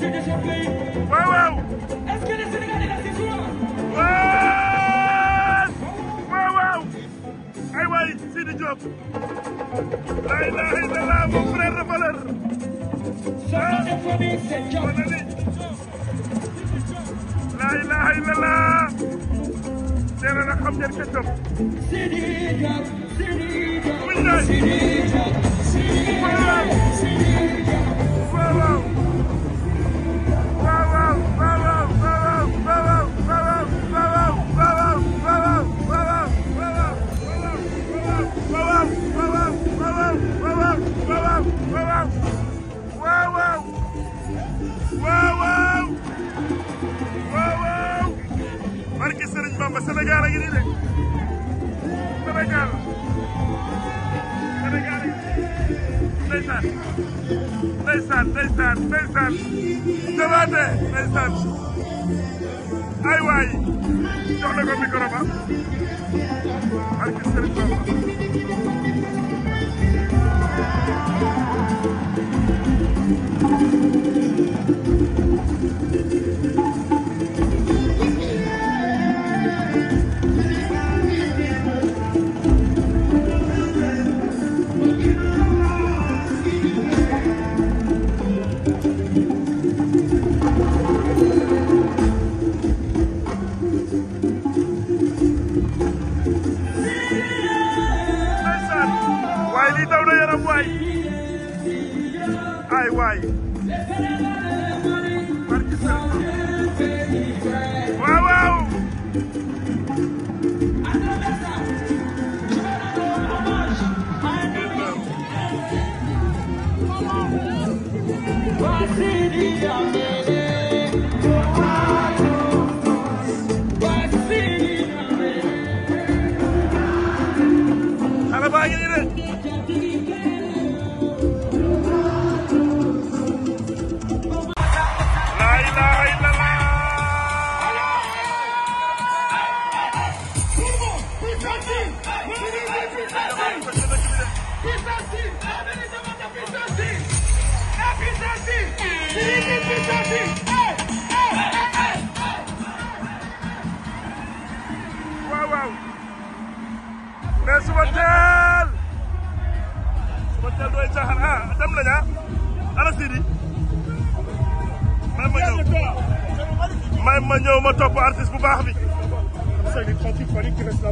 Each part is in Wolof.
protéger son pays. waaw waaw. est-ce que le Sénégal est assez souvent. waaw waaw. ay waay Sidi Diop. la ilaha illallah mon frère de valeur. ah wala ni. la ilaha illallah. nee na nag xam ngeen ko Diop. Sidi Diop. Sidi Diop. Sidi Diop. Sidi Diop. waaw waaw. ba Sénégal a ngi nii de Sénégal Sénégal ndeysaan ndeysaan ndeysaan ndeysaan jabaate ndeysaan ay waay jox na ko micro ba barke Serigne Bamba Yeah. ah suba teel suba teel dooy caaxaan ah dem nañ ah ana Sidi may ma ñëw ma topp artiste bu baax bi. comme ça il est tranquille, il fallait qu'il reste là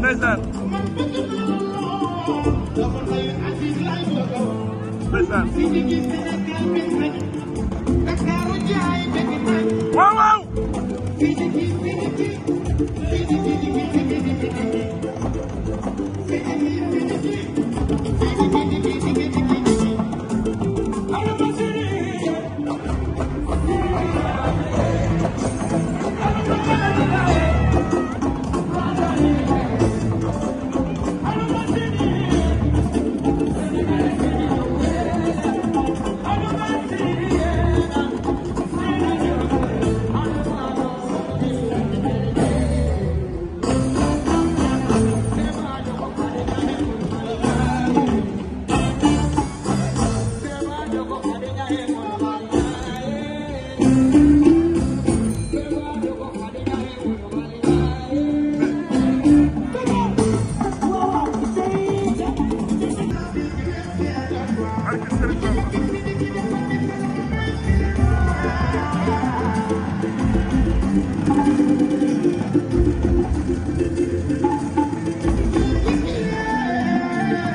ndeysaan ndeysaan waaw waaw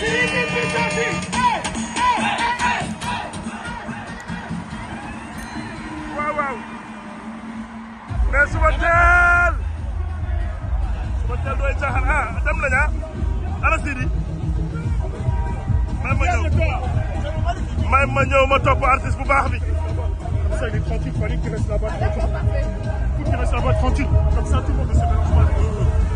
waaw waaw mais suba teel suba teel dooy caaxaan ah dem nañu ah ana may ma ñëw ma topp artiste bu baax bi. ça il est tranquille, il fallait qu'il reste là-bas tranquille. Il reste là-bas tranquille. Comme ça tout le monde ne se mélange pas.